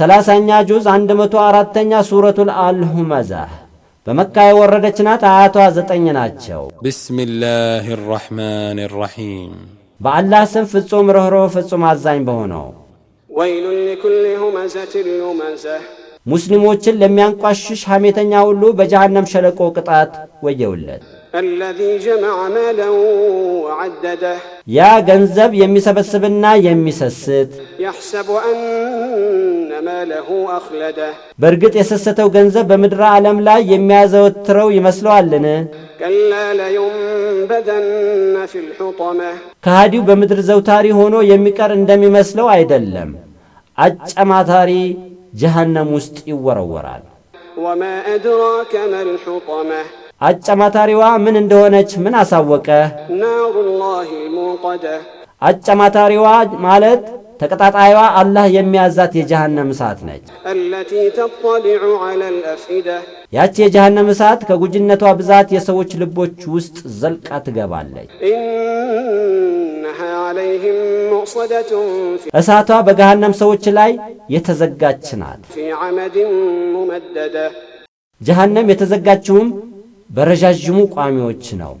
ሰላሳኛ ጁዝ አንድ 104ኛ ሱረቱል አልሁመዛ በመካ የወረደች ናት። አያቷ ዘጠኝ ናቸው። ቢስሚላህ ራሕማን ራሒም በአላህ ስም ፍጹም ርኅሮ ፍጹም አዛኝ በሆነው ወይሉን ሊኩሊ ሁመዘቲን ሉመዘህ ሙስሊሞችን ለሚያንቋሽሽ ሐሜተኛ ሁሉ በጀሃነም ሸለቆ ቅጣት ወየውለት። አለዚ ጀመዐ ማለን ወዐደደህ ያ ገንዘብ የሚሰበስብና የሚሰስት ያሕሰቡ አነ ማለሁ አኽለደ በእርግጥ የሰሰተው ገንዘብ በምድረ ዓለም ላይ የሚያዘወትረው ይመስለዋልን? ከላ ለዩንበደነ ፊል ሑጠመ ከሃዲው በምድር ዘውታሪ ሆኖ የሚቀር እንደሚመስለው አይደለም። አጨማታሪ ጀሃነም ውስጥ ይወረወራል። ወማ አድራከ መልሑጠመ አጨማታሪዋ ምን እንደሆነች ምን አሳወቀ? ናሩላሂ ሙቀደ አጨማታሪዋ ማለት ተቀጣጣይዋ አላህ የሚያዛት የጀሃነም እሳት ነች። አለቲ ተጠሊዑ ዐለል አፍኢደ ያቺ የጀሃነም እሳት ከጉጅነቷ ብዛት የሰዎች ልቦች ውስጥ ዘልቃ ትገባለች። እሳቷ በገሃነም ሰዎች ላይ የተዘጋች ናት። ጀሃነም የተዘጋችውም በረዣዥሙ ቋሚዎች ነው